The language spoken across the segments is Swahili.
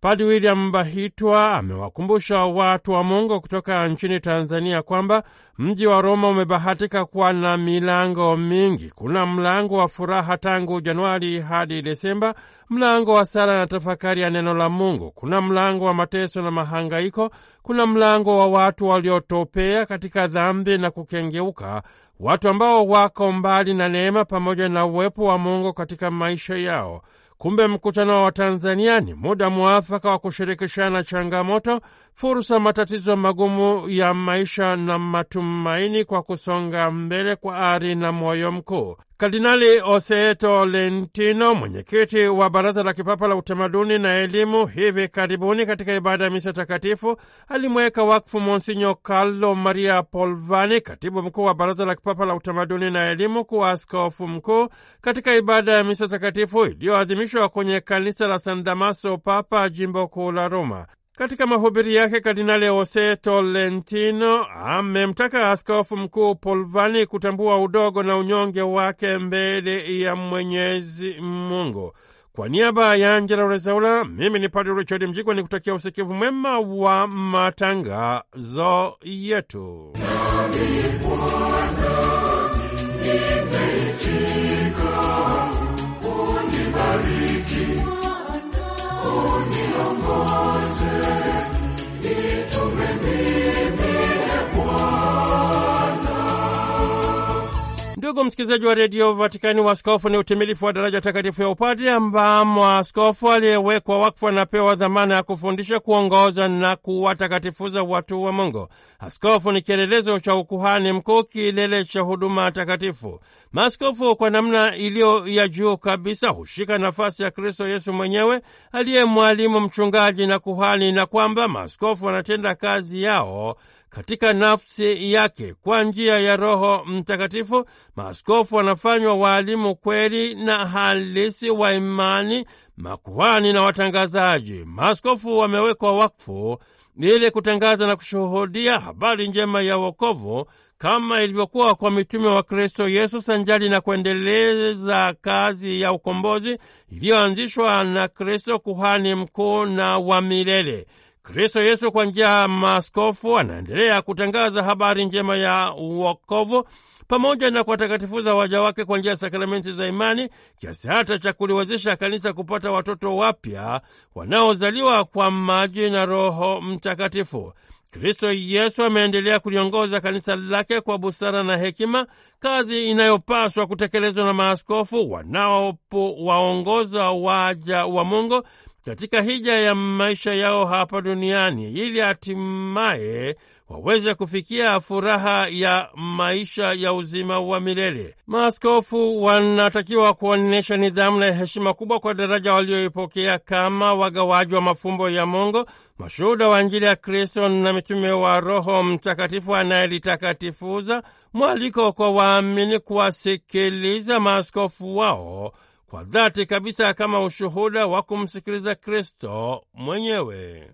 Padi William Bahitwa amewakumbusha watu wa Mungu kutoka nchini Tanzania kwamba mji wa Roma umebahatika kuwa na milango mingi. Kuna mlango wa furaha tangu Januari hadi Desemba, mlango wa sala na tafakari ya neno la Mungu, kuna mlango wa mateso na mahangaiko, kuna mlango wa watu waliotopea katika dhambi na kukengeuka, watu ambao wako mbali na neema pamoja na uwepo wa Mungu katika maisha yao. Kumbe mkutano wa Tanzania ni muda mwafaka wa kushirikishana changamoto, fursa, matatizo magumu ya maisha na matumaini kwa kusonga mbele kwa ari na moyo mkuu. Kardinali Oseto Lentino, mwenyekiti wa Baraza la Kipapa la Utamaduni na Elimu, hivi karibuni katika ibada ya misa takatifu alimweka wakfu Monsinyo Carlo Maria Polvani, katibu mkuu wa Baraza la Kipapa la Utamaduni na Elimu, kuwa askofu mkuu katika ibada ya misa takatifu iliyoadhimishwa kwenye kanisa la San Damaso Papa, jimbo kuu la Roma. Katika mahubiri yake Kardinali Jose Tolentino amemtaka askofu mkuu Polvani kutambua udogo na unyonge wake mbele ya Mwenyezi Mungu. Kwa niaba ya Angela Rezaula, mimi ni Padre Richard Mjigwa ni kutakia usikivu mwema wa matangazo yetu. unibariki uniongoze, itumeni Ndugu msikilizaji wa redio Vatikani, wa skofu ni utimilifu wa daraja takatifu ya upadri, ambamo askofu aliyewekwa wakfu anapewa dhamana ya kufundisha, kuongoza na kuwatakatifuza watu wa Mungu. Askofu ni kielelezo cha ukuhani mkuu, kilele cha huduma takatifu. Maaskofu kwa namna iliyo ya juu kabisa hushika nafasi ya Kristo Yesu mwenyewe aliye mwalimu, mchungaji na kuhani, na kwamba maaskofu wanatenda kazi yao katika nafsi yake. Kwa njia ya Roho Mtakatifu, maaskofu wanafanywa waalimu kweli na halisi wa imani, makuhani na watangazaji. Maaskofu wamewekwa wakfu ili kutangaza na kushuhudia habari njema ya wokovu kama ilivyokuwa kwa mitume wa Kristo Yesu, sanjali na kuendeleza kazi ya ukombozi iliyoanzishwa na Kristo, kuhani mkuu na wa milele. Kristo Yesu kwa njia ya maaskofu anaendelea kutangaza habari njema ya uokovu pamoja na kuwatakatifuza waja wake kwa njia ya sakramenti za imani kiasi hata cha kuliwezesha kanisa kupata watoto wapya wanaozaliwa kwa maji na Roho Mtakatifu. Kristo Yesu ameendelea kuliongoza kanisa lake kwa busara na hekima, kazi inayopaswa kutekelezwa na maaskofu wanaowaongoza waja wa Mungu katika hija ya maisha yao hapa duniani ili hatimaye waweze kufikia furaha ya maisha ya uzima wa milele. Maaskofu wanatakiwa kuonyesha nidhamu na heshima kubwa kwa daraja walioipokea kama wagawaji wa mafumbo ya Mungu, mashuhuda wa Injili ya Kristo na mitume wa Roho Mtakatifu anayelitakatifuza. Mwaliko kwa waamini kuwasikiliza maaskofu wao kwa dhati kabisa kama ushuhuda wa kumsikiliza Kristo mwenyewe.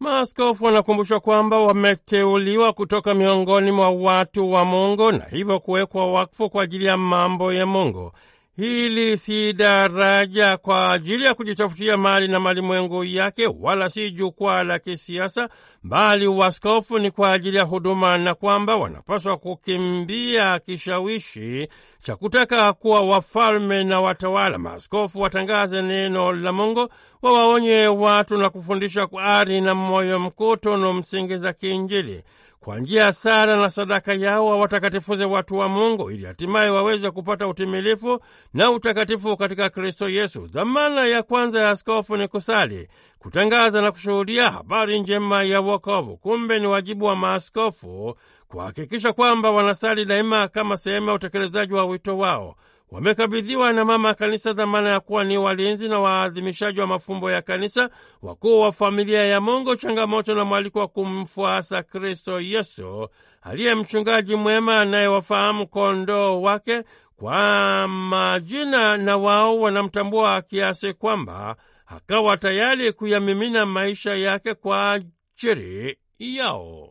Maaskofu wanakumbushwa kwamba wameteuliwa kutoka miongoni mwa watu wa Mungu na hivyo kuwekwa wakfu kwa ajili ya mambo ya Mungu. Hili si daraja kwa ajili ya kujitafutia mali na malimwengu yake, wala si jukwaa la kisiasa, bali waskofu ni kwa ajili ya huduma, na kwamba wanapaswa kukimbia kishawishi cha kutaka kuwa wafalme na watawala. Maaskofu watangaze neno la Mungu, wawaonye watu na kufundisha kwa ari na moyo mkuto za kiinjili kwa njia sala na sadaka yao wawatakatifuze watu wa Mungu ili hatimaye waweze kupata utimilifu na utakatifu katika Kristo Yesu. Dhamana ya kwanza ya askofu ni kusali, kutangaza na kushuhudia habari njema ya wokovu. Kumbe ni wajibu wa maaskofu kuhakikisha kwamba wanasali daima kama sehemu ya utekelezaji wa wito wao wamekabidhiwa na mama kanisa dhamana ya kuwa ni walinzi na waadhimishaji wa mafumbo ya kanisa, wakuu wa familia ya Mungu, changamoto na mwaliko wa kumfuasa Kristo Yesu aliye mchungaji mwema anayewafahamu kondoo wake kwa majina, na wao wanamtambua kiasi kwamba akawa tayari kuyamimina maisha yake kwa ajili yao.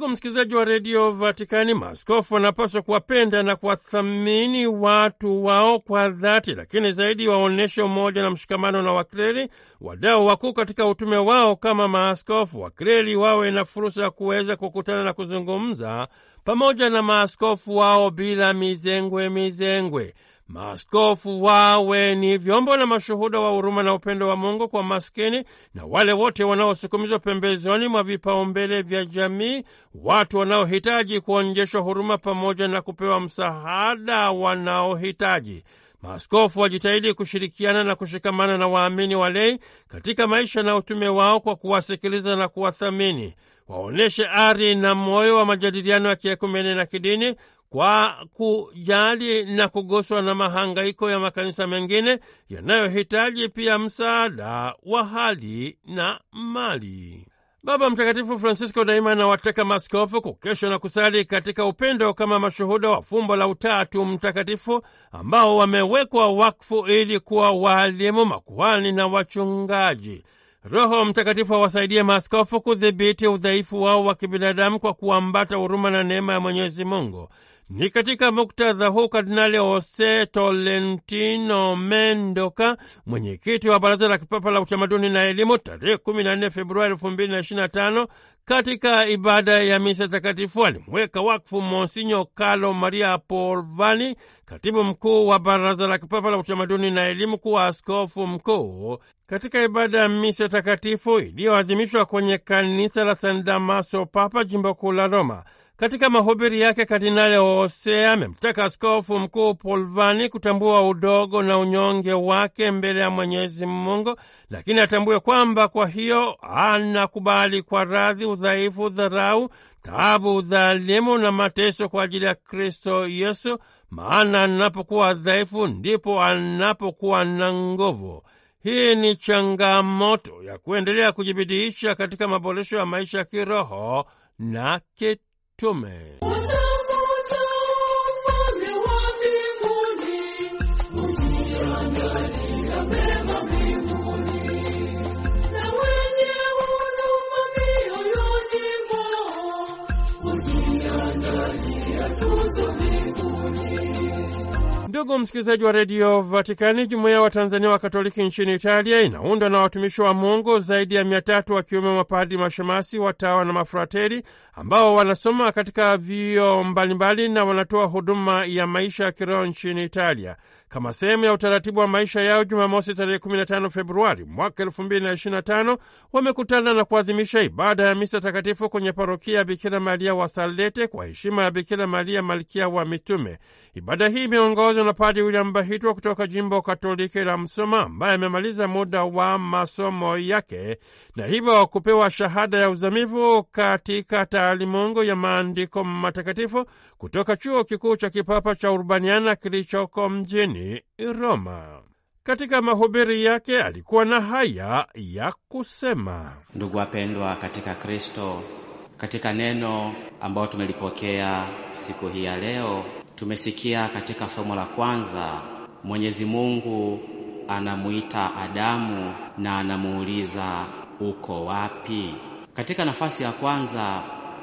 Ndugu msikilizaji wa redio Vatikani, maaskofu wanapaswa kuwapenda na kuwathamini watu wao kwa dhati, lakini zaidi waonyeshe umoja na mshikamano na wakreli, wadau wakuu katika utume wao kama maaskofu. Wakreli wawe na fursa ya kuweza kukutana na kuzungumza pamoja na maaskofu wao bila mizengwe mizengwe. Maaskofu wawe ni vyombo na mashuhuda wa huruma na upendo wa Mungu kwa maskini na wale wote wanaosukumizwa pembezoni mwa vipaumbele vya jamii, watu wanaohitaji kuonjeshwa huruma pamoja na kupewa msaada wanaohitaji. Maaskofu wajitahidi kushirikiana na kushikamana na waamini walei katika maisha na utume wao kwa kuwasikiliza na kuwathamini. Waonyeshe ari na moyo wa majadiliano ya kiekumene na kidini kwa kujali na kuguswa na mahangaiko ya makanisa mengine yanayohitaji pia msaada wa hali na mali. Baba Mtakatifu Francisco daima anawateka maskofu kukesha na kusali katika upendo kama mashuhuda wa fumbo la Utatu Mtakatifu ambao wamewekwa wakfu ili kuwa waalimu, makuhani na wachungaji. Roho Mtakatifu awasaidie maskofu kudhibiti udhaifu wao wa kibinadamu kwa kuambata huruma na neema ya Mwenyezi Mungu. Ni katika muktadha huu Kardinali Jose Tolentino Mendoka, mwenyekiti wa Baraza la Kipapa la Utamaduni na Elimu, tarehe 14 Februari 2025 katika ibada ya misa takatifu alimweka wakfu Monsinyo Carlo Maria Porvani, katibu mkuu wa Baraza la Kipapa la Utamaduni na Elimu, kuwa askofu mkuu katika ibada ya misa takatifu iliyoadhimishwa kwenye kanisa la San Damaso Papa, jimbo kuu la Roma. Katika mahubiri yake, Kardinali Hosea amemtaka Askofu Mkuu Polvani kutambua udogo na unyonge wake mbele ya Mwenyezi Mungu, lakini atambue kwamba kwa hiyo anakubali kwa radhi udhaifu, dharau, taabu, udhalimu na mateso kwa ajili ya Kristo Yesu, maana anapokuwa dhaifu ndipo anapokuwa na nguvu. Hii ni changamoto ya kuendelea kujibidiisha katika maboresho ya maisha kiroho na kit me... Ndugu msikilizaji wa redio Vatikani, jumuiya wa Watanzania wa Katoliki nchini Italia inaundwa na watumishi wa Mungu zaidi ya mia tatu wakiwemo mapadi mashemasi, watawa na mafurateri ambao wanasoma katika vio mbalimbali na wanatoa huduma ya maisha ya kiroho nchini Italia kama sehemu ya utaratibu wa maisha yao, Jumamosi tarehe 15 Februari mwaka 2025 wamekutana na kuadhimisha ibada ya misa takatifu kwenye parokia ya Bikira Maria Wasalete kwa heshima ya Bikira Maria malkia wa mitume. Ibada hii imeongozwa na Padi William Bahitwa kutoka jimbo Katoliki la Msoma, ambaye amemaliza muda wa masomo yake na hivyo kupewa shahada ya uzamivu katika taalimungu ya maandiko matakatifu kutoka chuo kikuu cha kipapa cha Urbaniana kilichoko mjini mjini Roma. Katika mahubiri yake alikuwa na haya ya kusema: ndugu wapendwa katika Kristo, katika neno ambayo tumelipokea siku hii ya leo, tumesikia katika somo la kwanza, Mwenyezi Mungu anamuita Adamu na anamuuliza uko wapi? Katika nafasi ya kwanza,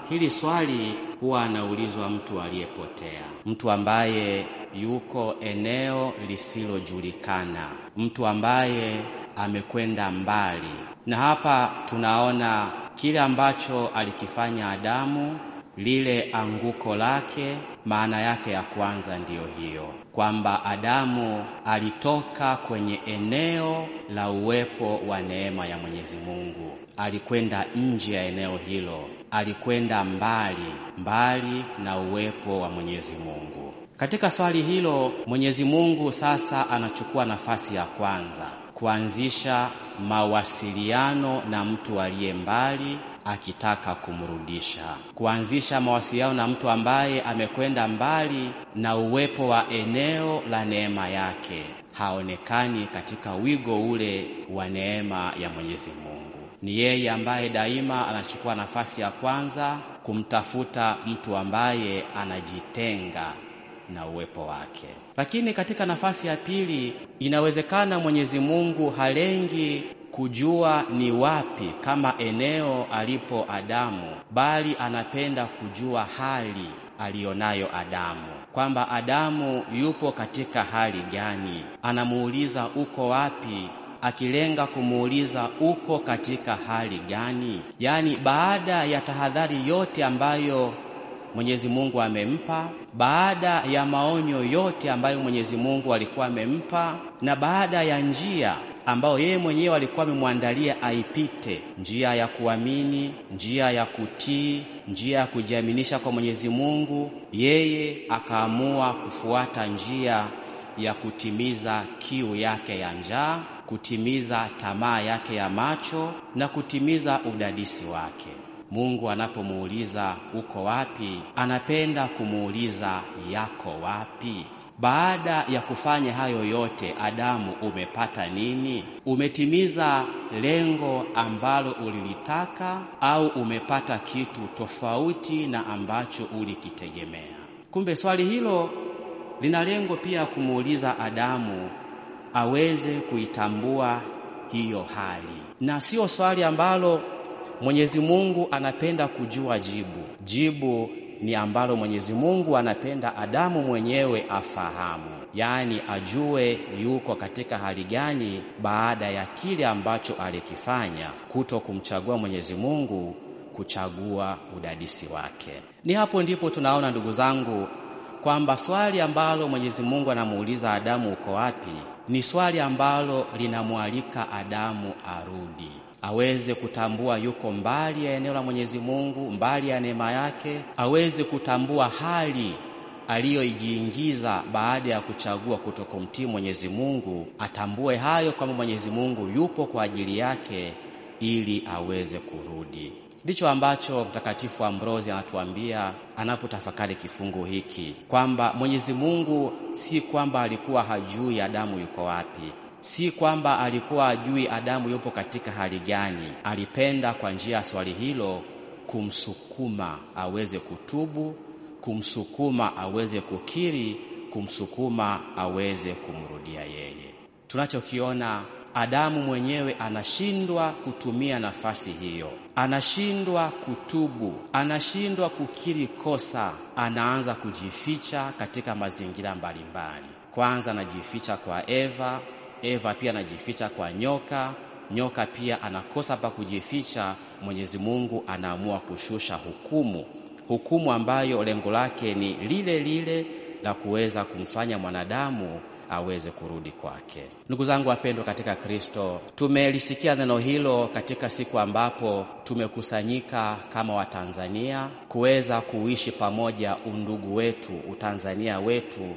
hili swali huwa anaulizwa mtu aliyepotea, mtu ambaye yuko eneo lisilojulikana, mtu ambaye amekwenda mbali. Na hapa tunaona kile ambacho alikifanya Adamu, lile anguko lake, maana yake ya kwanza ndiyo hiyo kwamba Adamu alitoka kwenye eneo la uwepo wa neema ya Mwenyezi Mungu, alikwenda nje ya eneo hilo, alikwenda mbali mbali na uwepo wa Mwenyezi Mungu. Katika swali hilo Mwenyezi Mungu sasa anachukua nafasi ya kwanza kuanzisha mawasiliano na mtu aliye mbali akitaka kumrudisha, kuanzisha mawasiliano na mtu ambaye amekwenda mbali na uwepo wa eneo la neema yake, haonekani katika wigo ule wa neema ya Mwenyezi Mungu. Ni yeye ambaye daima anachukua nafasi ya kwanza kumtafuta mtu ambaye anajitenga na uwepo wake. Lakini katika nafasi ya pili, inawezekana Mwenyezi Mungu halengi kujua ni wapi kama eneo alipo Adamu, bali anapenda kujua hali aliyonayo Adamu, kwamba Adamu yupo katika hali gani. Anamuuliza uko wapi, akilenga kumuuliza uko katika hali gani, yaani baada ya tahadhari yote ambayo Mwenyezi Mungu amempa baada ya maonyo yote ambayo Mwenyezi Mungu alikuwa amempa na baada ya njia ambayo yeye mwenyewe alikuwa amemwandalia aipite, njia ya kuamini, njia ya kutii, njia ya kujiaminisha kwa Mwenyezi Mungu, yeye akaamua kufuata njia ya kutimiza kiu yake ya njaa, kutimiza tamaa yake ya macho na kutimiza udadisi wake. Mungu anapomuuliza uko wapi, anapenda kumuuliza yako wapi? Baada ya kufanya hayo yote, Adamu, umepata nini? Umetimiza lengo ambalo ulilitaka au umepata kitu tofauti na ambacho ulikitegemea? Kumbe swali hilo lina lengo pia kumuuliza Adamu aweze kuitambua hiyo hali, na sio swali ambalo Mwenyezi Mungu anapenda kujua jibu. Jibu ni ambalo Mwenyezi Mungu anapenda Adamu mwenyewe afahamu, yaani ajue yuko katika hali gani baada ya kile ambacho alikifanya, kuto kumchagua Mwenyezi Mungu, kuchagua udadisi wake. Ni hapo ndipo tunaona ndugu zangu kwamba swali ambalo Mwenyezi Mungu anamuuliza Adamu uko wapi, ni swali ambalo linamwalika Adamu arudi aweze kutambua yuko mbali ya eneo la Mwenyezi Mungu, mbali ya neema yake, aweze kutambua hali aliyoijiingiza baada ya kuchagua kutokumtii Mwenyezi Mungu, atambue hayo kwamba Mwenyezi Mungu yupo kwa ajili yake ili aweze kurudi. Ndicho ambacho Mtakatifu Ambrosi anatuambia anapotafakari kifungu hiki kwamba Mwenyezi Mungu si kwamba alikuwa hajui Adamu yuko wapi si kwamba alikuwa ajui Adamu yupo katika hali gani. Alipenda kwa njia ya swali hilo kumsukuma aweze kutubu, kumsukuma aweze kukiri, kumsukuma aweze kumrudia yeye. Tunachokiona, Adamu mwenyewe anashindwa kutumia nafasi hiyo, anashindwa kutubu, anashindwa kukiri kosa, anaanza kujificha katika mazingira mbalimbali. Kwanza anajificha kwa Eva Eva pia anajificha kwa nyoka, nyoka pia anakosa pa kujificha. Mwenyezi Mungu anaamua kushusha hukumu, hukumu ambayo lengo lake ni lile lile la kuweza kumfanya mwanadamu aweze kurudi kwake. Ndugu zangu wapendwa katika Kristo, tumelisikia neno hilo katika siku ambapo tumekusanyika kama Watanzania kuweza kuishi pamoja undugu wetu, utanzania wetu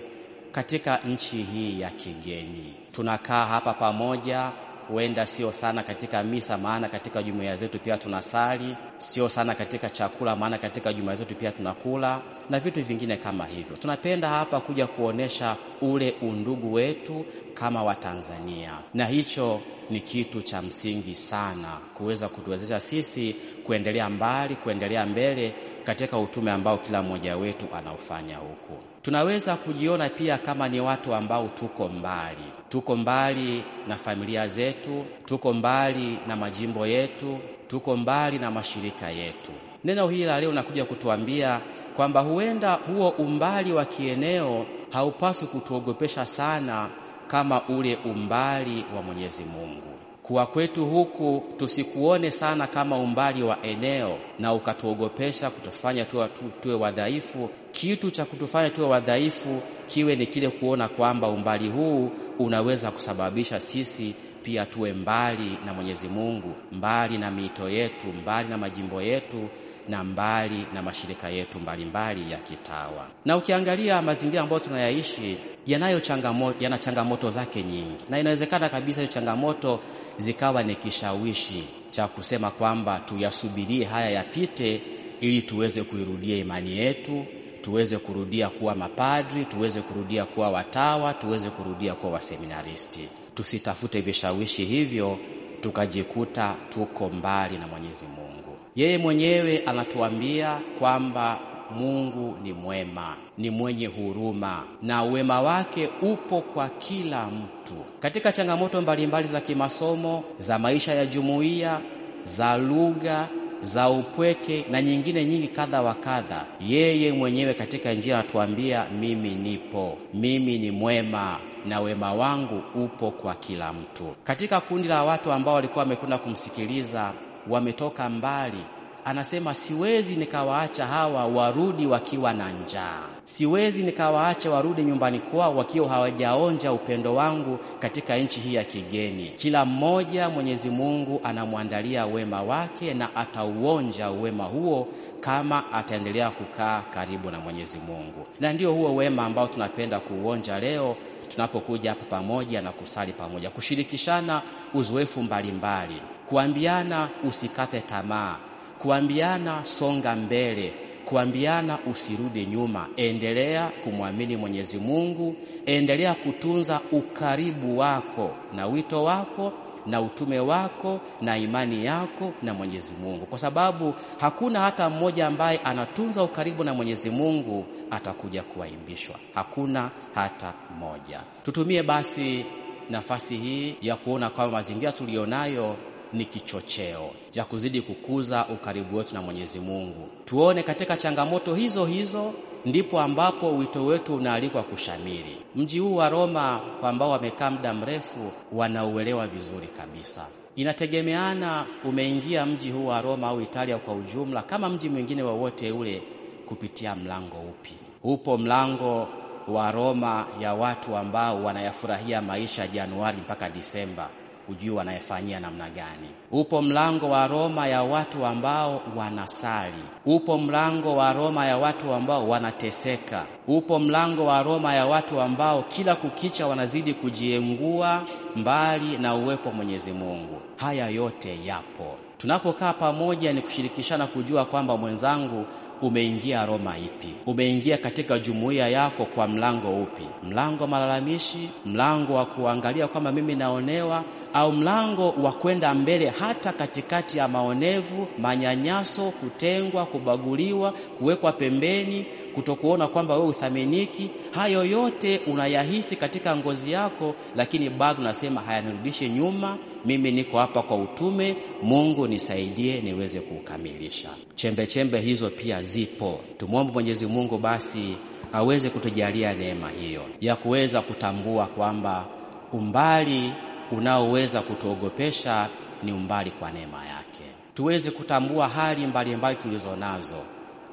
katika nchi hii ya kigeni. Tunakaa hapa pamoja, huenda sio sana katika misa, maana katika jumuiya zetu pia tunasali, sio sana katika chakula, maana katika jumuiya zetu pia tunakula na vitu vingine kama hivyo. Tunapenda hapa kuja kuonesha ule undugu wetu kama Watanzania, na hicho ni kitu cha msingi sana kuweza kutuwezesha sisi kuendelea mbali, kuendelea mbele katika utume ambao kila mmoja wetu anaofanya huku. Tunaweza kujiona pia kama ni watu ambao tuko mbali, tuko mbali na familia zetu, tuko mbali na majimbo yetu, tuko mbali na mashirika yetu. Neno hili la leo nakuja kutuambia kwamba huenda huo umbali wa kieneo haupaswi kutuogopesha sana kama ule umbali wa Mwenyezi Mungu. Kuwa kwetu huku tusikuone sana kama umbali wa eneo, na ukatuogopesha kutufanya tuwe, tuwe wadhaifu. Kitu cha kutufanya tuwe wadhaifu kiwe ni kile kuona kwamba umbali huu unaweza kusababisha sisi pia tuwe mbali na Mwenyezi Mungu, mbali na miito yetu, mbali na majimbo yetu na mbali na mashirika yetu mbalimbali mbali ya kitawa. Na ukiangalia mazingira ambayo tunayaishi yanayo changamoto, yana changamoto zake nyingi, na inawezekana kabisa hiyo changamoto zikawa ni kishawishi cha kusema kwamba tuyasubirie haya yapite, ili tuweze kuirudia imani yetu, tuweze kurudia kuwa mapadri, tuweze kurudia kuwa watawa, tuweze kurudia kuwa waseminaristi. Tusitafute vishawishi hivyo tukajikuta tuko mbali na Mwenyezi Mungu. Yeye mwenyewe anatuambia kwamba Mungu ni mwema, ni mwenye huruma na wema wake upo kwa kila mtu. Katika changamoto mbalimbali za kimasomo, za maisha ya jumuiya, za lugha, za upweke na nyingine nyingi kadha wa kadha, yeye mwenyewe katika Injili anatuambia mimi nipo, mimi ni mwema na wema wangu upo kwa kila mtu. Katika kundi la watu ambao walikuwa wamekwenda kumsikiliza wametoka mbali anasema siwezi nikawaacha hawa warudi wakiwa na njaa, siwezi nikawaacha warudi nyumbani kwao wakiwa hawajaonja upendo wangu katika nchi hii ya kigeni. Kila mmoja Mwenyezi Mungu anamwandalia wema wake na atauonja wema huo kama ataendelea kukaa karibu na Mwenyezi Mungu, na ndio huo wema ambao tunapenda kuuonja leo tunapokuja hapa pamoja na kusali pamoja, kushirikishana uzoefu mbalimbali, kuambiana usikate tamaa kuambiana songa mbele, kuambiana usirudi nyuma. Endelea kumwamini Mwenyezi Mungu, endelea kutunza ukaribu wako na wito wako na utume wako na imani yako na Mwenyezi Mungu, kwa sababu hakuna hata mmoja ambaye anatunza ukaribu na Mwenyezi Mungu atakuja kuaibishwa. Hakuna hata mmoja. Tutumie basi nafasi hii ya kuona kwamba mazingira tuliyonayo ni kichocheo cha kuzidi kukuza ukaribu wetu na Mwenyezi Mungu. Tuone katika changamoto hizo hizo ndipo ambapo wito wetu unaalikwa kushamiri. Mji huu wa Roma ambao wamekaa muda mrefu wanauelewa vizuri kabisa. Inategemeana umeingia mji huu wa Roma au Italia kwa ujumla kama mji mwingine wowote ule kupitia mlango upi. Upo mlango wa Roma ya watu ambao wanayafurahia maisha Januari mpaka Disemba kujua anayefanyia namna gani. Upo mlango wa Roma ya watu ambao wanasali, upo mlango wa Roma ya watu ambao wanateseka, upo mlango wa Roma ya watu ambao kila kukicha wanazidi kujiengua mbali na uwepo Mwenyezi Mungu. Haya yote yapo. Tunapokaa pamoja ni kushirikishana kujua kwamba mwenzangu umeingia Roma ipi? Umeingia katika jumuiya yako kwa mlango upi? Mlango wa malalamishi, mlango wa kuangalia kwamba mimi naonewa, au mlango wa kwenda mbele hata katikati ya maonevu, manyanyaso, kutengwa, kubaguliwa, kuwekwa pembeni, kutokuona kwamba wewe uthaminiki. Hayo yote unayahisi katika ngozi yako, lakini bado unasema hayanirudishi nyuma mimi niko hapa kwa utume, Mungu nisaidie niweze kuukamilisha. Chembe chembe hizo pia zipo. Tumwombe Mwenyezi Mungu basi aweze kutujalia neema hiyo ya kuweza kutambua kwamba umbali unaoweza kutuogopesha ni umbali kwa neema yake, tuweze kutambua hali mbalimbali tulizo nazo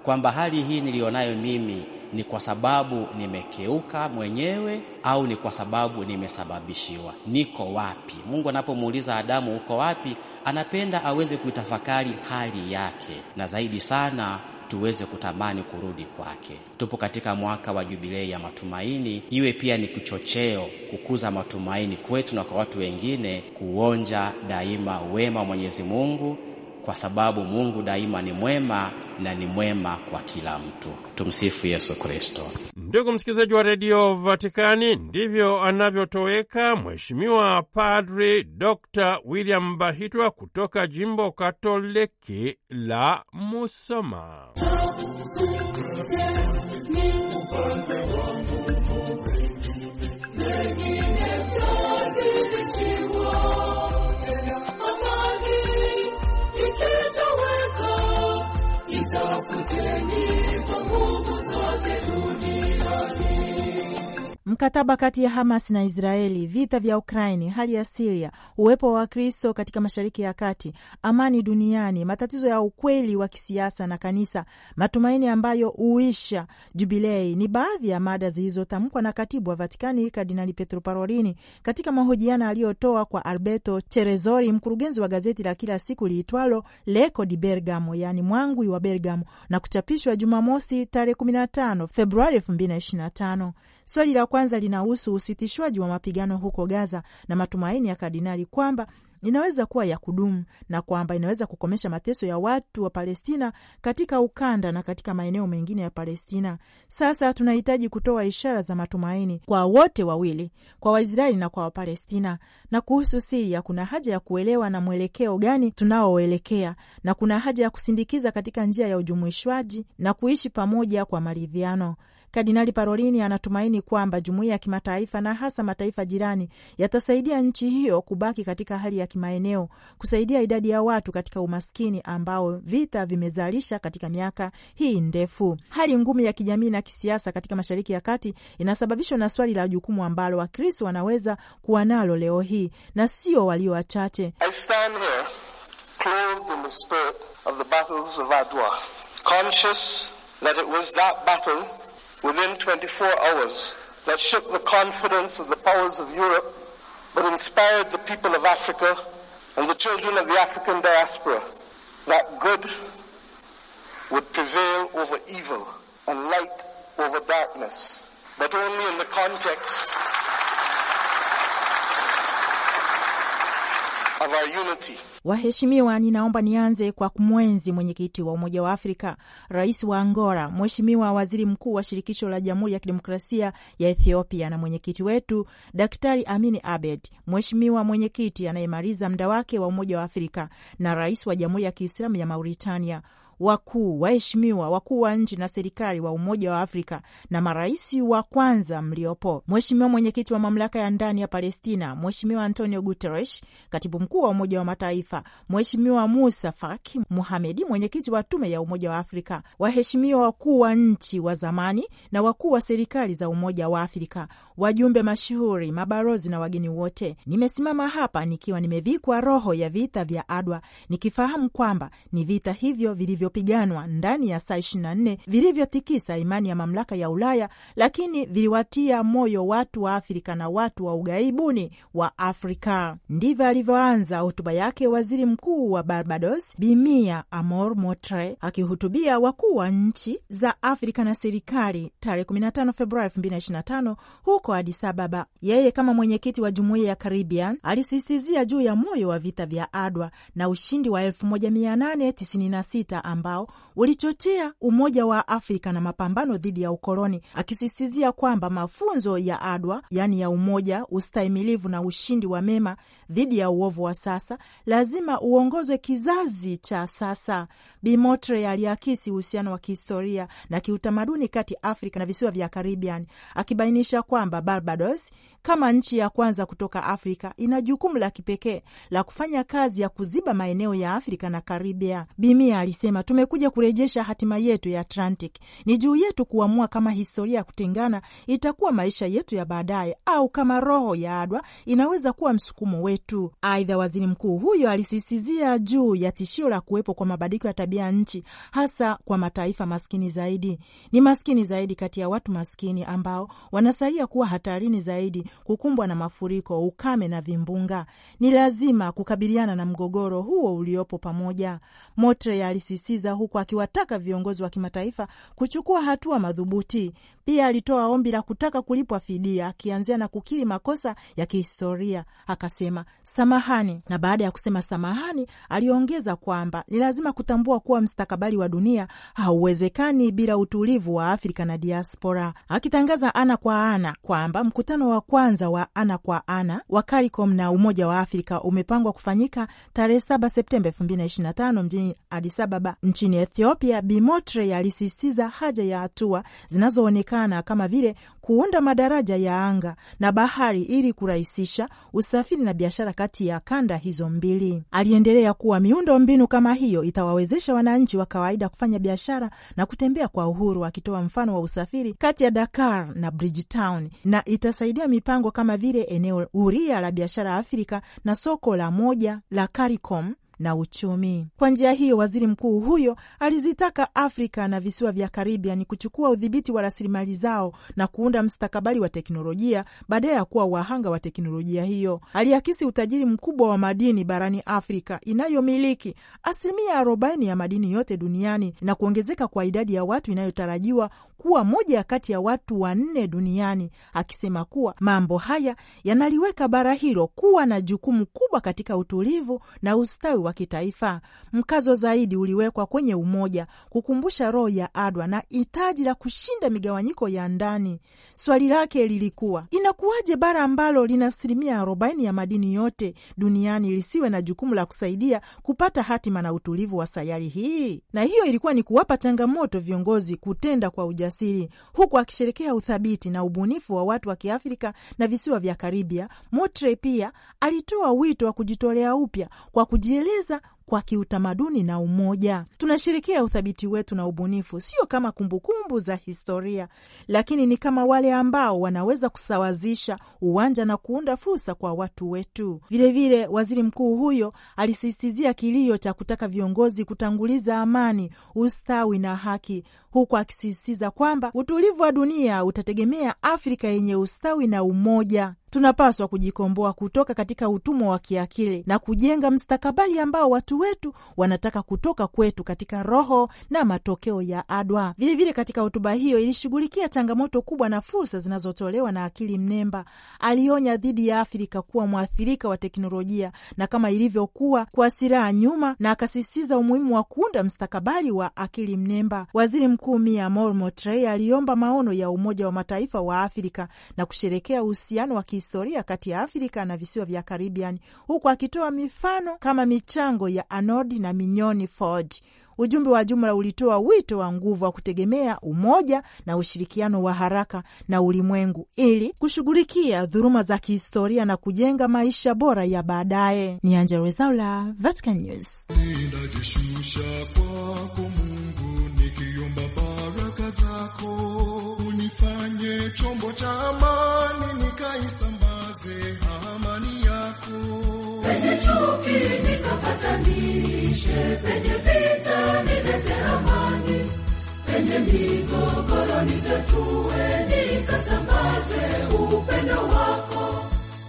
kwamba hali hii niliyonayo mimi ni kwa sababu nimekeuka mwenyewe au ni kwa sababu nimesababishiwa? Niko wapi? Mungu anapomuuliza Adamu, uko wapi, anapenda aweze kuitafakari hali yake, na zaidi sana tuweze kutamani kurudi kwake. Tupo katika mwaka wa jubilei ya matumaini, iwe pia ni kichocheo kukuza matumaini kwetu na kwa watu wengine, kuonja daima wema wa Mwenyezi Mungu, kwa sababu Mungu daima ni mwema na ni mwema kwa kila mtu. Tumsifu Yesu Kristo. Ndugu msikilizaji wa redio Vatikani, ndivyo anavyotoweka Mheshimiwa Padri Dr William Bahitwa kutoka jimbo Katoliki la Musoma. you? mkataba kati ya Hamas na Israeli, vita vya Ukraini, hali ya Siria, uwepo wa Wakristo katika Mashariki ya Kati, amani duniani, matatizo ya ukweli wa kisiasa na kanisa, matumaini ambayo huisha Jubilei ni baadhi ya mada zilizotamkwa na katibu wa Vatikani Kardinali Petro Parolini katika mahojiano aliyotoa kwa Alberto Cherezori, mkurugenzi wa gazeti la kila siku liitwalo leko di Bergamo, yaani mwangwi wa Bergamo, na kuchapishwa Jumamosi tarehe 15 Februari 2025. Swali la kwanza linahusu usitishwaji wa mapigano huko Gaza na matumaini ya kardinali kwamba inaweza kuwa ya kudumu na kwamba inaweza kukomesha mateso ya watu wa Palestina katika ukanda na katika maeneo mengine ya Palestina. Sasa tunahitaji kutoa ishara za matumaini kwa wote wawili, kwa Waisraeli na kwa Wapalestina. Na kuhusu Siria, kuna haja ya kuelewa na mwelekeo gani tunaoelekea, na kuna haja ya kusindikiza katika njia ya ujumuishwaji na kuishi pamoja kwa maridhiano. Kardinali Parolini anatumaini kwamba jumuiya ya kimataifa na hasa mataifa jirani yatasaidia nchi hiyo kubaki katika hali ya kimaeneo, kusaidia idadi ya watu katika umaskini ambao vita vimezalisha katika miaka hii ndefu. Hali ngumu ya kijamii na kisiasa katika Mashariki ya Kati inasababishwa na swali la jukumu ambalo Wakristo wanaweza kuwa nalo leo hii na sio walio wachache. within 24 hours that shook the confidence of the powers of Europe, but inspired the people of Africa and the children of the African diaspora that good would prevail over evil and light over darkness, but only in the context of our unity. Waheshimiwa, ninaomba nianze kwa kumwenzi mwenyekiti wa Umoja wa Afrika, rais wa Angola, mheshimiwa waziri mkuu wa Shirikisho la Jamhuri ya Kidemokrasia ya Ethiopia na mwenyekiti wetu Daktari Amini Abed, mheshimiwa mwenyekiti anayemaliza muda wake wa Umoja wa Afrika na rais wa Jamhuri ya Kiislamu ya Mauritania wakuu, waheshimiwa wakuu wa nchi na serikali wa Umoja wa Afrika na marais wa kwanza mliopo, Mheshimiwa mwenyekiti wa mamlaka ya ndani ya Palestina, Mheshimiwa Antonio Guterres, katibu mkuu wa Umoja wa Mataifa, Mheshimiwa Musa Faki Muhamedi, mwenyekiti wa Tume ya Umoja wa Afrika, waheshimiwa wakuu wa nchi wa zamani na wakuu wa serikali za Umoja wa Afrika, wajumbe mashuhuri, mabalozi na wageni wote, nimesimama hapa nikiwa nimevikwa roho ya vita vya Adwa, nikifahamu kwamba ni vita hivyo vilivyo vilivyopiganwa ndani ya saa 24 vilivyotikisa imani ya mamlaka ya Ulaya, lakini viliwatia moyo watu wa Afrika na watu wa ughaibuni wa Afrika. Ndivyo alivyoanza hotuba yake Waziri Mkuu wa Barbados Bimia Amor Motre akihutubia wakuu wa nchi za Afrika na serikali tarehe 15 Februari 2025 huko Addis Ababa. Yeye kama mwenyekiti wa Jumuiya ya Caribbean alisisitizia juu ya moyo wa vita vya Adwa na ushindi wa 1896 ambao ulichochea umoja wa Afrika na mapambano dhidi ya ukoloni, akisistizia kwamba mafunzo ya Adwa, yaani ya umoja, ustahimilivu na ushindi wa mema dhidi ya uovu wa sasa lazima uongozwe kizazi cha sasa. Bimotre aliakisi uhusiano wa kihistoria na kiutamaduni kati ya Afrika na visiwa vya Karibian, akibainisha kwamba Barbados kama nchi ya kwanza kutoka Afrika ina jukumu la kipekee la kufanya kazi ya kuziba maeneo ya Afrika na Karibia. Bimia alisema, tumekuja kurejesha hatima yetu ya Atlantic. Ni juu yetu kuamua kama historia ya kutengana itakuwa maisha yetu ya baadaye, au kama roho ya adwa inaweza kuwa msukumo wetu yetu. Aidha, waziri mkuu huyo alisistizia juu ya tishio la kuwepo kwa mabadiliko ya tabia nchi, hasa kwa mataifa maskini zaidi. Ni maskini zaidi kati ya watu maskini ambao wanasalia kuwa hatarini zaidi kukumbwa na mafuriko, ukame na vimbunga. Ni lazima kukabiliana na mgogoro huo uliopo pamoja, Motre alisisitiza, huku akiwataka viongozi wa kimataifa kuchukua hatua madhubuti. Pia alitoa ombi la kutaka kulipwa fidia, akianzia na kukiri makosa ya kihistoria. Akasema samahani. Na baada ya kusema samahani, aliongeza kwamba ni lazima kutambua kuwa mstakabali wa dunia hauwezekani bila utulivu wa Afrika na diaspora, akitangaza ana kwa ana kwamba mkutano wa kwanza wa ana kwa ana wa CARICOM na Umoja wa Afrika umepangwa kufanyika tarehe 7 Septemba 2025 mjini Addis Ababa nchini Ethiopia. Bimotre alisisitiza haja ya hatua zinazoonekana kama vile kuunda madaraja ya anga na bahari ili kurahisisha usafiri na biashara biashara kati ya kanda hizo mbili. Aliendelea kuwa miundo mbinu kama hiyo itawawezesha wananchi wa kawaida kufanya biashara na kutembea kwa uhuru, akitoa mfano wa usafiri kati ya Dakar na Bridgetown, na itasaidia mipango kama vile eneo huria la biashara Afrika na soko la moja la CARICOM na uchumi. Kwa njia hiyo, waziri mkuu huyo alizitaka Afrika na visiwa vya Karibiani kuchukua udhibiti wa rasilimali zao na kuunda mstakabali wa teknolojia badala ya kuwa wahanga wa teknolojia hiyo. Aliakisi utajiri mkubwa wa madini barani Afrika inayomiliki asilimia arobaini ya madini yote duniani na kuongezeka kwa idadi ya watu inayotarajiwa kuwa moja kati ya watu wanne duniani, akisema kuwa mambo haya yanaliweka bara hilo kuwa na jukumu kubwa katika utulivu na ustawi wa kitaifa, mkazo zaidi uliwekwa kwenye umoja, kukumbusha roho ya Adwa na hitaji la kushinda migawanyiko ya ndani. Swali lake lilikuwa inakuwaje bara ambalo lina asilimia arobaini ya madini yote duniani lisiwe na jukumu la kusaidia kupata hatima na utulivu wa sayari hii? Na hiyo ilikuwa ni kuwapa changamoto viongozi kutenda kwa ujasiri, huku akisherekea uthabiti na ubunifu wa watu wa Kiafrika na visiwa vya Karibia. Motre pia alitoa wito wa kujitolea upya kwa kujieleza kujieleza kwa kiutamaduni na umoja. Tunashirikia uthabiti wetu na ubunifu, sio kama kumbukumbu kumbu za historia, lakini ni kama wale ambao wanaweza kusawazisha uwanja na kuunda fursa kwa watu wetu. Vilevile vile, waziri mkuu huyo alisisitizia kilio cha kutaka viongozi kutanguliza amani, ustawi na haki huku akisisitiza kwamba utulivu wa dunia utategemea Afrika yenye ustawi na umoja. Tunapaswa kujikomboa kutoka katika utumwa wa kiakili na kujenga mstakabali ambao watu wetu wanataka kutoka kwetu katika roho na matokeo ya Adwa. Vilevile, katika hotuba hiyo ilishughulikia changamoto kubwa na fursa zinazotolewa na akili mnemba. Alionya dhidi ya Afrika kuwa mwathirika wa teknolojia na kama ilivyokuwa kwa siraa nyuma, na akasisitiza umuhimu wa kuunda mstakabali wa akili mnemba. Waziri mkuu Mkuu Mia aliomba maono ya Umoja wa Mataifa wa Afrika na kusherekea uhusiano wa kihistoria kati ya Afrika na visiwa vya Karibiani, huku akitoa mifano kama michango ya Arnold na Minyoni Ford. Ujumbe wa jumla ulitoa wito wa nguvu wa kutegemea umoja na ushirikiano wa haraka na ulimwengu ili kushughulikia dhuruma za kihistoria na kujenga maisha bora ya baadaye. Ni Angella Rwezaula, Vatican News. Niwe chombo cha amani nikaisambaze amani yako. Penye chuki nikapatanishe, penye vita nilete amani, penye migogoro nitatue, nikasambaze upendo wako.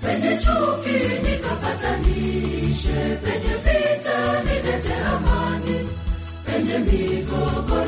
Penye chuki nikapatanishe, penye vita nilete amani, penye migogoro